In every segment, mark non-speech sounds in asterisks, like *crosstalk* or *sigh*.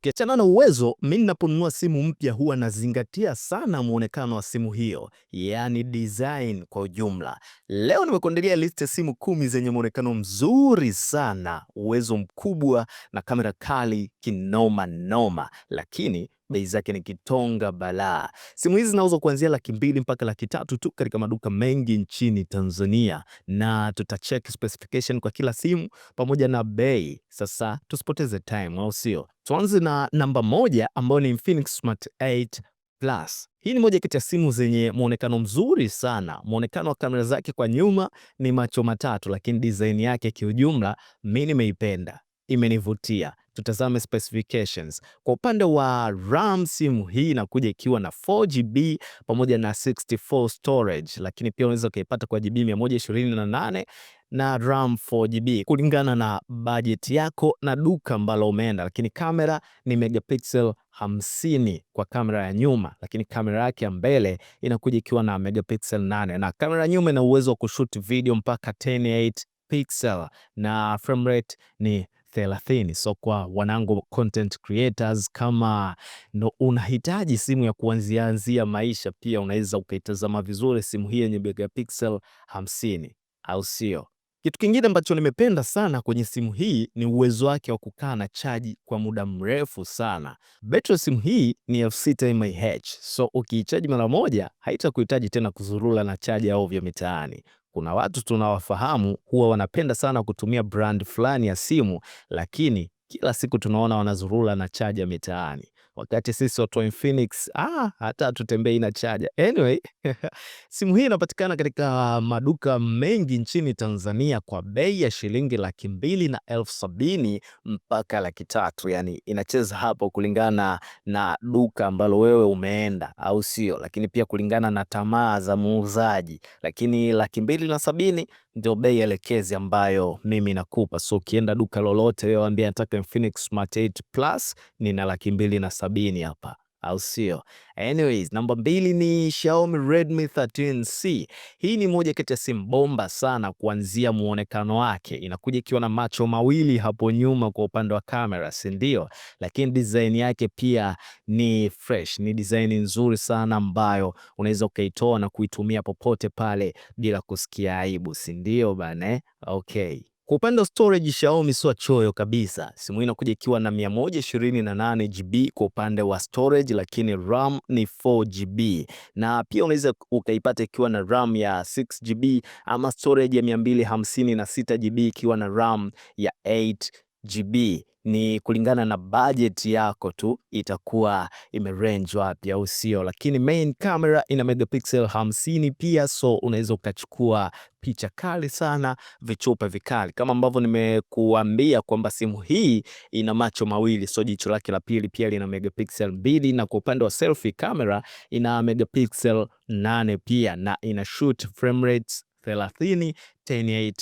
Ukiachana na uwezo, mi ninaponunua simu mpya huwa nazingatia sana mwonekano wa simu hiyo, yaani design kwa ujumla. Leo nimekuandalia list ya simu kumi zenye muonekano mzuri sana, uwezo mkubwa na kamera kali kinoma noma, lakini bei zake ni kitonga balaa. Simu hizi zinauzwa kuanzia laki mbili mpaka laki tatu tu katika maduka mengi nchini Tanzania, na tutacheck specification kwa kila simu pamoja na bei. Sasa tusipoteze time, au sio? Tuanze na namba moja ambayo ni Infinix Smart 8 Plus. Hii ni moja kati ya simu zenye muonekano mzuri sana. Muonekano wa kamera zake kwa nyuma ni macho matatu, lakini design yake kiujumla mimi nimeipenda, imenivutia. Tutazame specifications. Kwa upande wa RAM, simu hii inakuja ikiwa na 4GB pamoja na 64 storage, lakini pia unaweza ukaipata kwa GB 128 na RAM 4GB kulingana na bajeti yako na duka ambalo umeenda, lakini kamera ni megapixel 50 kwa kamera ya nyuma, lakini kamera yake ya mbele inakuja ikiwa na megapixel 8 na kamera ya nyuma ina uwezo wa kushoot video mpaka 108 pixel na frame rate ni 30. So kwa wanangu content creators, kama no unahitaji simu ya kuanzianzia maisha, pia unaweza ukaitazama vizuri simu hii yenye megapixel 50, au sio? Kitu kingine ambacho nimependa sana kwenye simu hii ni uwezo wake wa kukaa na chaji kwa muda mrefu sana. Betri ya simu hii ni 6000 mAh, so ukiichaji mara moja haitakuhitaji tena kuzurula na chaji ya ovyo mitaani. Kuna watu tunawafahamu huwa wanapenda sana kutumia brand fulani ya simu, lakini kila siku tunaona wanazurula na chaja mitaani wakati sisi watu wa Infinix ah, hata hatutembei na chaja. Anyway, *laughs* simu hii inapatikana katika maduka mengi nchini Tanzania kwa bei ya shilingi laki mbili na elfu sabini mpaka laki tatu. Yani inacheza hapo kulingana na duka ambalo wewe umeenda, au sio? Lakini pia kulingana na tamaa za muuzaji, lakini laki mbili na sabini ndio bei elekezi ambayo mimi nakupa. So ukienda duka lolote wewe waambie nataka Infinix Smart 8 Plus nina laki mbili na sabini hapa au sio? Anyways, namba mbili ni Xiaomi Redmi 13C. Hii ni moja kati ya simu bomba sana kuanzia muonekano wake, inakuja ikiwa na macho mawili hapo nyuma kwa upande wa kamera, si ndio? Lakini design yake pia ni fresh, ni design nzuri sana ambayo unaweza ukaitoa na kuitumia popote pale bila kusikia aibu, si ndio bana? Eh? Okay. Kwa upande wa storage, Xiaomi sio choyo kabisa. Simu hii inakuja ikiwa na 128 GB kwa upande wa storage, lakini RAM ni 4 GB, na pia unaweza ukaipata ikiwa na RAM ya 6 GB ama storage ya 256 GB ikiwa na RAM ya 8 GB ni kulingana na bajeti yako tu itakuwa imerange wapi, au sio? Lakini main camera ina megapixel 50 pia, so unaweza ukachukua picha kali sana, vichupa vikali, kama ambavyo nimekuambia kwamba simu hii ina macho mawili, so jicho lake la pili pia lina megapixel mbili, na kwa upande wa selfie camera ina megapixel 8 pia, na ina shoot frame 3 30 108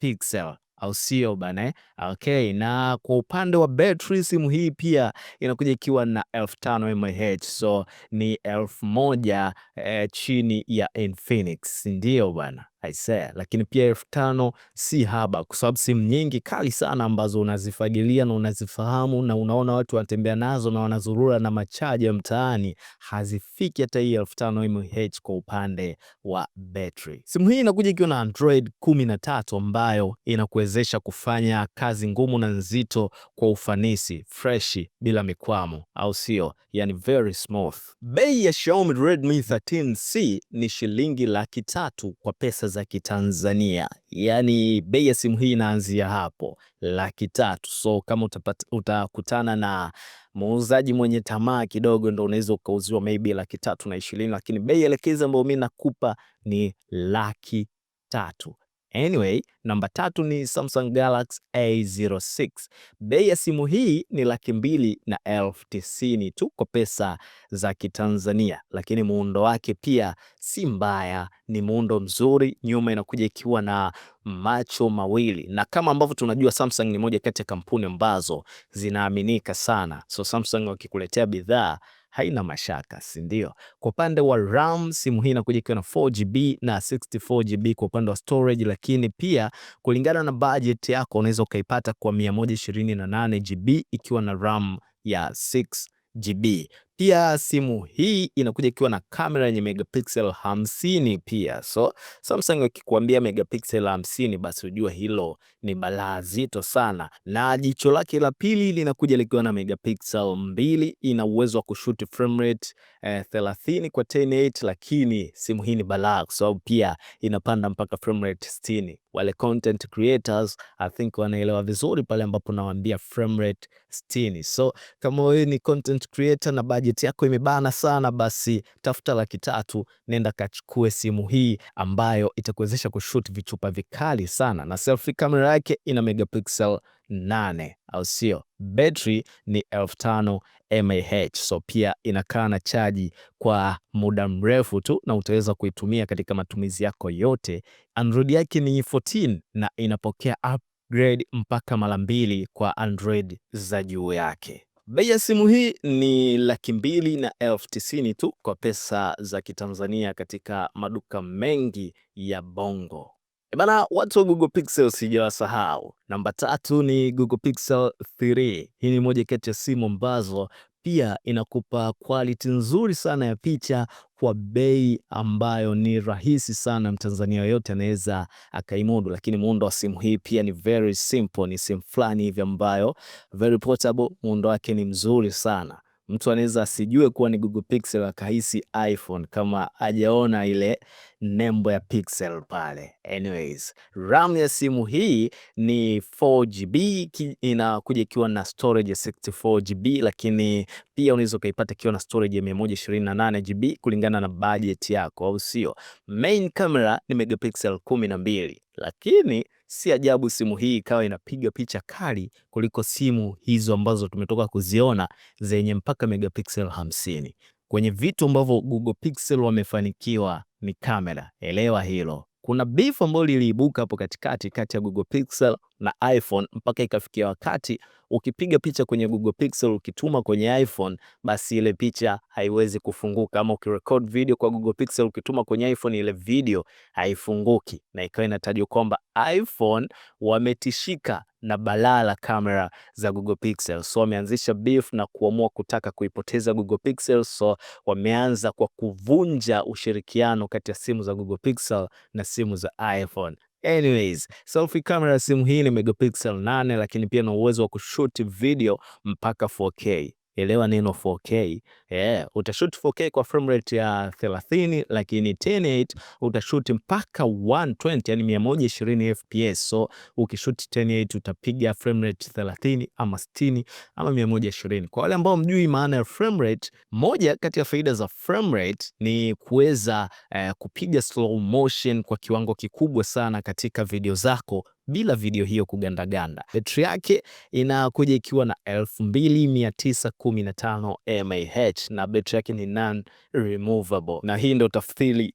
pixel au sio bana? Eh? Okay, na kwa upande wa battery simu hii pia inakuja ikiwa na 5000 mAh, so ni elfu moja eh, chini ya Infinix, ndio bana. Aisee, lakini pia elfu tano si haba, kwa sababu simu nyingi kali sana ambazo unazifagilia na unazifahamu na unaona watu wanatembea nazo na wanazurura na machaja mtaani hazifiki hata hii elfu tano mAh kwa upande wa betri. Simu hii inakuja ikiwa na Android 13 ambayo inakuwezesha kufanya kazi ngumu na nzito kwa ufanisi freshi, bila mikwamo, au sio? Yani very smooth. Bei ya Xiaomi Redmi 13C ni shilingi laki tatu kwa pesa za Kitanzania, yaani bei ya simu hii inaanzia hapo laki tatu. So kama utapata, utakutana na muuzaji mwenye tamaa kidogo, ndo unaweza ukauziwa maybe laki tatu na ishirini, lakini bei elekezi ambayo mi nakupa ni laki tatu. Anyway, namba tatu ni Samsung Galaxy A06. Bei ya simu hii ni laki mbili na elfu tisini tu kwa pesa za Kitanzania, lakini muundo wake pia si mbaya, ni muundo mzuri. Nyuma inakuja ikiwa na macho mawili, na kama ambavyo tunajua Samsung ni moja kati ya kampuni ambazo zinaaminika sana, so Samsung wakikuletea bidhaa haina mashaka, si ndio? Kwa upande wa RAM, simu hii inakuja ikiwa na 4GB na 64GB kwa upande wa storage, lakini pia kulingana na budget yako unaweza ukaipata kwa 128GB ikiwa na RAM ya 6GB. Pia simu hii inakuja ikiwa na kamera yenye megapixel 50 pia. So Samsung akikuambia megapixel 50, basi ujua hilo ni balaa zito sana. Na jicho lake la pili linakuja likiwa na megapixel mbili, ina uwezo wa kushuti frame rate eh, 30 kwa 1080, lakini simu hii ni balaa kwa sababu pia inapanda mpaka frame rate 60 wale content creators I think wanaelewa vizuri pale ambapo nawaambia frame rate 60. So kama wewe ni content creator na budget yako imebana sana, basi tafuta laki tatu, nenda kachukue simu hii ambayo itakuwezesha kushoot vichupa vikali sana, na selfie kamera yake ina megapixel nane au sio? Betri ni elfu tano mAh, so pia inakaa na chaji kwa muda mrefu tu, na utaweza kuitumia katika matumizi yako yote. Android yake ni 14 na inapokea upgrade mpaka mara mbili kwa Android za juu yake. Bei ya simu hii ni laki mbili na elfu tisini tu kwa pesa za Kitanzania katika maduka mengi ya Bongo. E bana, watu wa Google Pixel sijawasahau. Namba tatu ni Google Pixel 3. Hii ni moja kati ya simu ambazo pia inakupa quality nzuri sana ya picha kwa bei ambayo ni rahisi sana, Mtanzania yoyote anaweza akaimudu. Lakini muundo wa simu hii pia ni very simple, ni simu fulani hivi ambayo very portable, muundo wake ni mzuri sana. Mtu anaweza asijue kuwa ni Google Pixel akahisi iPhone kama ajaona ile nembo ya Pixel pale. Anyways, RAM ya simu hii ni 4GB, inakuja ikiwa na storage ya 64GB, lakini pia unaweza ukaipata ikiwa na storage ya 128GB kulingana na budget yako, au sio? Main camera ni megapixel 12 lakini si ajabu simu hii ikawa inapiga picha kali kuliko simu hizo ambazo tumetoka kuziona zenye mpaka megapixel hamsini. Kwenye vitu ambavyo Google Pixel wamefanikiwa ni kamera, elewa hilo. Kuna beef ambayo liliibuka hapo katikati kati ya Google Pixel na iPhone mpaka ikafikia wakati ukipiga picha kwenye Google Pixel ukituma kwenye iPhone basi ile picha haiwezi kufunguka, ama ukirecord video kwa Google Pixel ukituma kwenye iPhone ile video haifunguki, na ikawa inatajwa kwamba iPhone wametishika na balaa la kamera za Google Pixel. So wameanzisha beef na kuamua kutaka kuipoteza Google Pixel, so wameanza kwa kuvunja ushirikiano kati ya simu za Google Pixel na simu za iPhone. Anyways, selfie camera ya simu hii ni megapixel 8 lakini pia na uwezo wa kushoot video mpaka 4K elewa neno 4K. Yeah, utashoot 4K kwa frame rate ya 30 lakini 1080 utashoot mpaka 120 yani 120 fps. So ukishoot 1080 utapiga frame rate 30 ama 60 ama 120. Kwa wale ambao mjui maana ya frame rate, moja kati ya faida za frame rate ni kuweza eh, kupiga slow motion kwa kiwango kikubwa sana katika video zako bila video hiyo kugandaganda. Betri yake inakuja ikiwa na 2915 mAh na betri yake ni non removable, na hii ndio tafsiri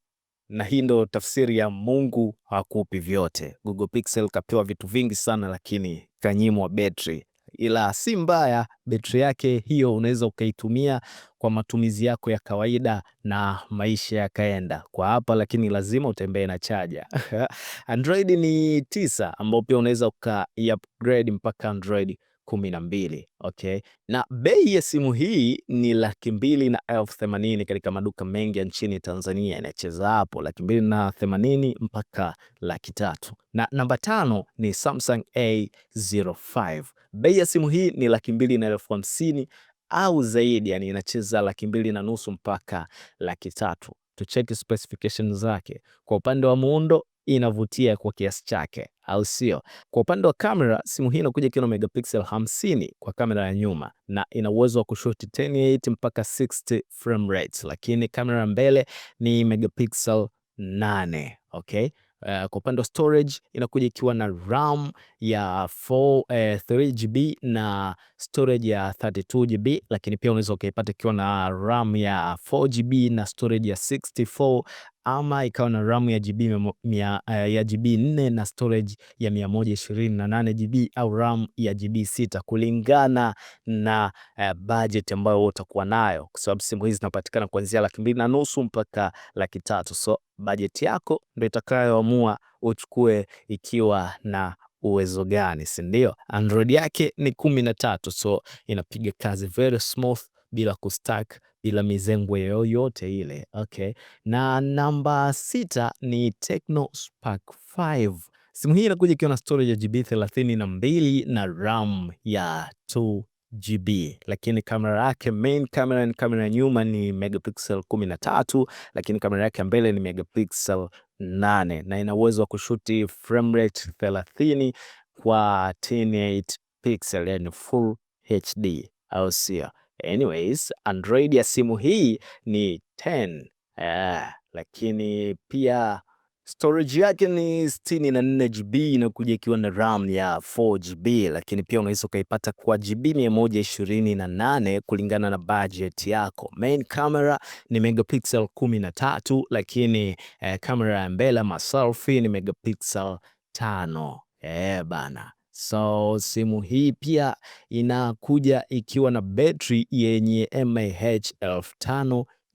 na hii ndo tafsiri ya Mungu hakupi vyote. Google Pixel kapewa vitu vingi sana, lakini kanyimwa betri ila si mbaya betri yake hiyo, unaweza ukaitumia kwa matumizi yako ya kawaida na maisha yakaenda kwa hapa, lakini lazima utembee na chaja. *laughs* Android ni tisa, ambao pia unaweza ukaiupgrade mpaka Android kumi na mbili okay. Na bei ya simu hii ni laki mbili na elfu themanini katika maduka mengi ya nchini Tanzania, inacheza hapo laki mbili na themanini mpaka laki tatu. Na namba tano ni Samsung A05. Bei ya simu hii ni laki mbili na elfu hamsini au zaidi, yani inacheza laki mbili na nusu mpaka laki tatu. Tucheki specification zake. Kwa upande wa muundo inavutia kwa kiasi chake, au sio? Kwa upande wa kamera, simu hii inakuja ikiwa na megapixel 50 kwa kamera ya nyuma na ina uwezo wa kushuti 1080 mpaka 60 frame rate, lakini kamera mbele ni megapixel 8, okay? Uh, kwa upande wa storage inakuja ikiwa na RAM ya 4, eh, 3GB na storage ya 32GB, lakini pia unaweza ukaipata ikiwa na RAM ya 4GB na storage ya 64 ama ikawa na RAM ya GB mia, eh, ya GB 4 na storage ya 128 GB au RAM ya GB 6 kulingana na uh, budget ambayo utakuwa nayo, kwa sababu simu hizi zinapatikana kuanzia laki mbili na nusu mpaka laki tatu. So budget yako ndio itakayoamua uchukue ikiwa na uwezo gani, si ndio? Android yake ni kumi na tatu, so inapiga kazi very smooth bila kustack bila mizengwe yoyote ile okay. Na namba sita ni Tecno Spark 5. Simu hii inakuja ikiwa na storage ya GB 32 na RAM ya 2 GB lakini kamera yake main camera ni kamera ya nyuma ni megapixel 13, lakini kamera yake ya mbele ni megapixel 8 na ina uwezo wa kushuti frame rate 30 kwa 1080 pixel, yani full HD au sio? Anyways, Android ya simu hii ni 10. Yeah, lakini pia storage yake ni 64 GB inakuja ikiwa na RAM ya 4 GB, lakini pia unaweza ukaipata kwa GB 128 kulingana na budget yako. Main camera ni megapixel 13, lakini kamera eh, camera ya mbele ma selfie ni megapixel 5. Eh, bana. So simu hii pia inakuja ikiwa na betri yenye mAh elfu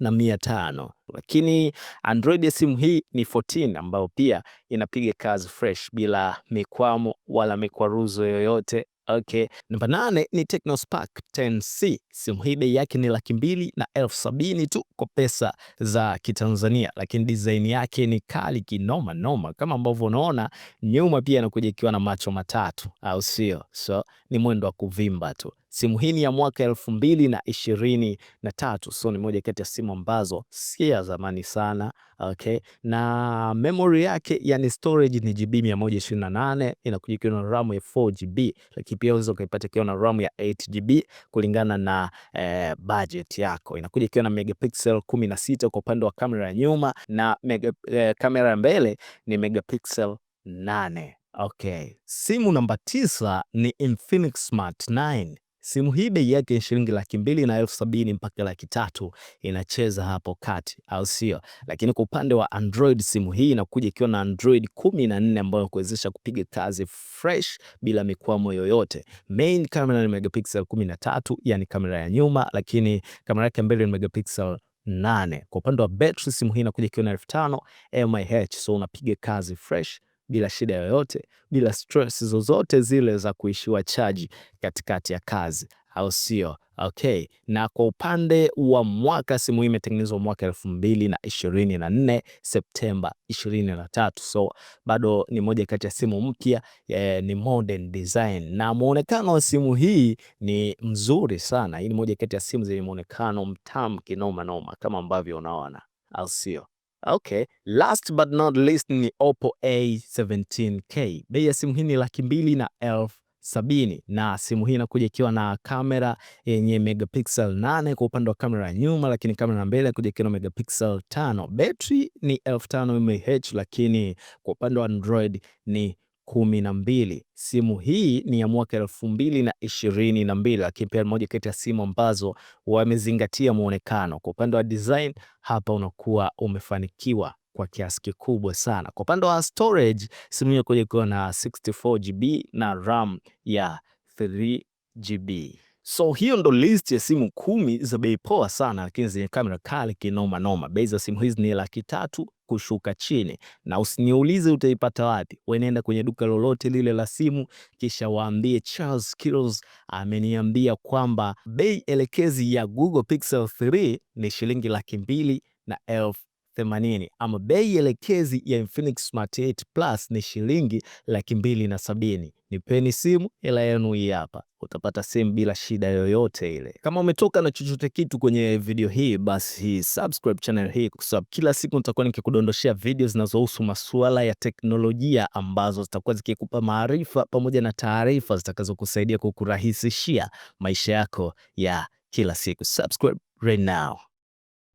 na mia tano lakini Android ya simu hii ni 14 ambayo pia inapiga kazi fresh bila mikwamo wala mikwaruzo yoyote Okay. Namba nane ni TecnoSpark 10C. Simu hii bei yake ni laki mbili na elfu sabini tu kwa pesa za Kitanzania, lakini design yake ni kali kinoma noma kama ambavyo unaona nyuma, pia inakuja ikiwa na macho matatu, au sio? So ni mwendo wa kuvimba tu. Simu hii ni ya mwaka elfu mbili na ishirini na tatu, so ni moja kati ya simu ambazo si ya zamani sana okay. Na memory yake yani storage ni GB 128 inakuja ikiwa na RAM ya 4GB, lakini pia unaweza ukaipata ikiwa na RAM ya 8GB kulingana na eh, budget yako. Inakuja ikiwa na megapixel 16 kwa upande wa kamera ya nyuma na mega, eh, kamera ya mbele ni megapixel 8. Okay, simu namba tisa ni Infinix Smart 9 Simu hii bei yake ni shilingi laki mbili na elfu sabini mpaka laki tatu inacheza hapo kati, au sio? Lakini kwa upande wa Android, simu hii inakuja ikiwa na Android kumi na nne ambayo inakuwezesha kupiga kazi fresh bila mikwamo yoyote. Main camera ni megapixel tatu yani kamera ya nyuma, lakini kamera yake mbele ni megapixel nane. Kwa upande wa battery, simu hii inakuja ikiwa na elfu tano mAh, so unapiga kazi fresh bila shida yoyote, bila stress zozote zile za kuishiwa chaji katikati ya kazi, au sio? Okay, na kwa upande wa mwaka, simu hii imetengenezwa mwaka elfu mbili na ishirini na nne Septemba ishirini na tatu so bado ni moja kati ya simu mpya eh, ni modern design na mwonekano wa simu hii ni mzuri sana. Hii ni moja kati ya simu zenye mwonekano mtamu kinoma noma kama ambavyo unaona, au sio? Okay, last but not least ni Oppo A17K. Bei ya simu hii ni laki mbili na elfu sabini na simu hii inakuja ikiwa na kamera yenye megapixel nane kwa upande wa kamera ya nyuma, lakini kamera mbele inakuja ikiwa na megapixel tano Betri ni 5000 mAh, lakini kwa upande wa Android ni 12. Simu hii ni ya mwaka 2022, lakini pia moja kati ya simu ambazo wamezingatia muonekano. Kwa upande wa design, hapa unakuwa umefanikiwa kwa kiasi kikubwa sana. Kwa upande wa storage, simu hiyo iko na 64 GB na RAM ya 3 GB. So hiyo ndo list ya simu kumi za bei poa sana, lakini zenye kamera kali kinoma noma. Bei za simu hizi ni laki tatu kushuka chini, na usiniulize utaipata wapi. wenenda kwenye duka lolote lile la simu, kisha waambie Charles Kills ameniambia kwamba bei elekezi ya Google Pixel 3 ni shilingi laki mbili na elfu 80 ama bei elekezi ya Infinix Smart 8 Plus ni shilingi laki mbili na sabini. Nipeni simu, hela yenu hii hapa. Utapata simu bila shida yoyote ile. Kama umetoka na chochote kitu kwenye video hii, basi hii subscribe channel hii, kwa sababu kila siku nitakuwa nikikudondoshea video zinazohusu masuala ya teknolojia ambazo zitakuwa zikikupa maarifa pamoja na taarifa zitakazokusaidia kukurahisishia maisha yako ya kila siku. Subscribe right now.